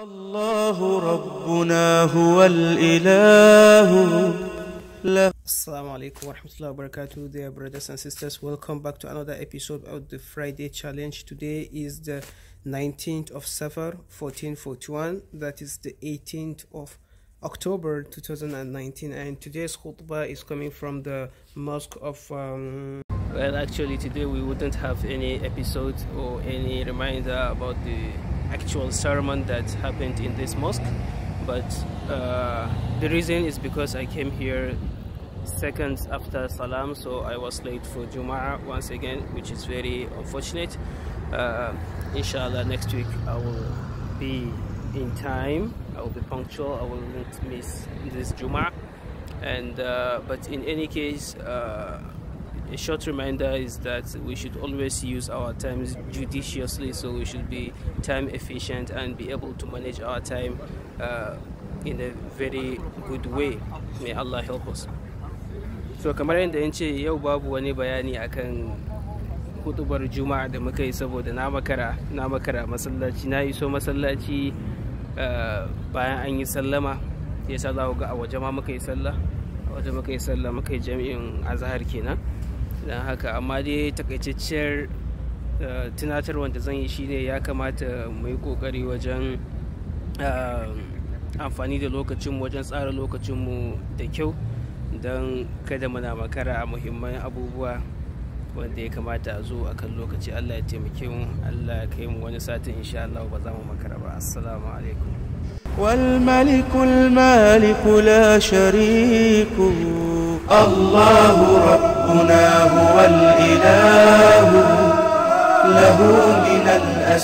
الله ربنا هو الإله Assalamu alaikum warahmatullahi wabarakatuh dear brothers and sisters welcome back to another episode of the Friday challenge today is the 19th of Safar 1441 that is the 18th of October 2019 and today's khutbah is coming from the mosque of um well actually today we wouldn't have any episode or any reminder about the actual sermon that happened in this mosque, but uh, the reason is because I came here seconds after Salam, so I was late for Jum'ah once again, which is very unfortunate. Uh, inshallah, next week I will be in time, I will be punctual, I will not miss this Jum'ah. And, uh, but in any case, uh, a short reminder is that we should always use our time judiciously so we should be time efficient and be able to manage our time uh, in a very good way may allah help us so kamar yadda in ce yau babu wani bayani akan hudubar juma'a da muka yi saboda na makara na makara masallaci na iso masallaci uh, bayan an yi sallama yasa za ga a waje ma muka yi sallah a waje muka yi sallah muka yi jami'in azahar kenan don haka amma dai takaitacciyar eh, tunatarwar da zan yi shine ya kamata mu yi kokari wajen eh, amfani da lokacinmu wajen tsara lokacin mu da kyau don kada muna makara a muhimman abubuwa wanda ya kamata a zo a kan lokaci allah ya taimake mu allah ya kai mu wani satin insha allah ba za mu makara ba assalamu alaikum والملك المالك لا شريك الله رب ربنا هو الإله له من الأسماء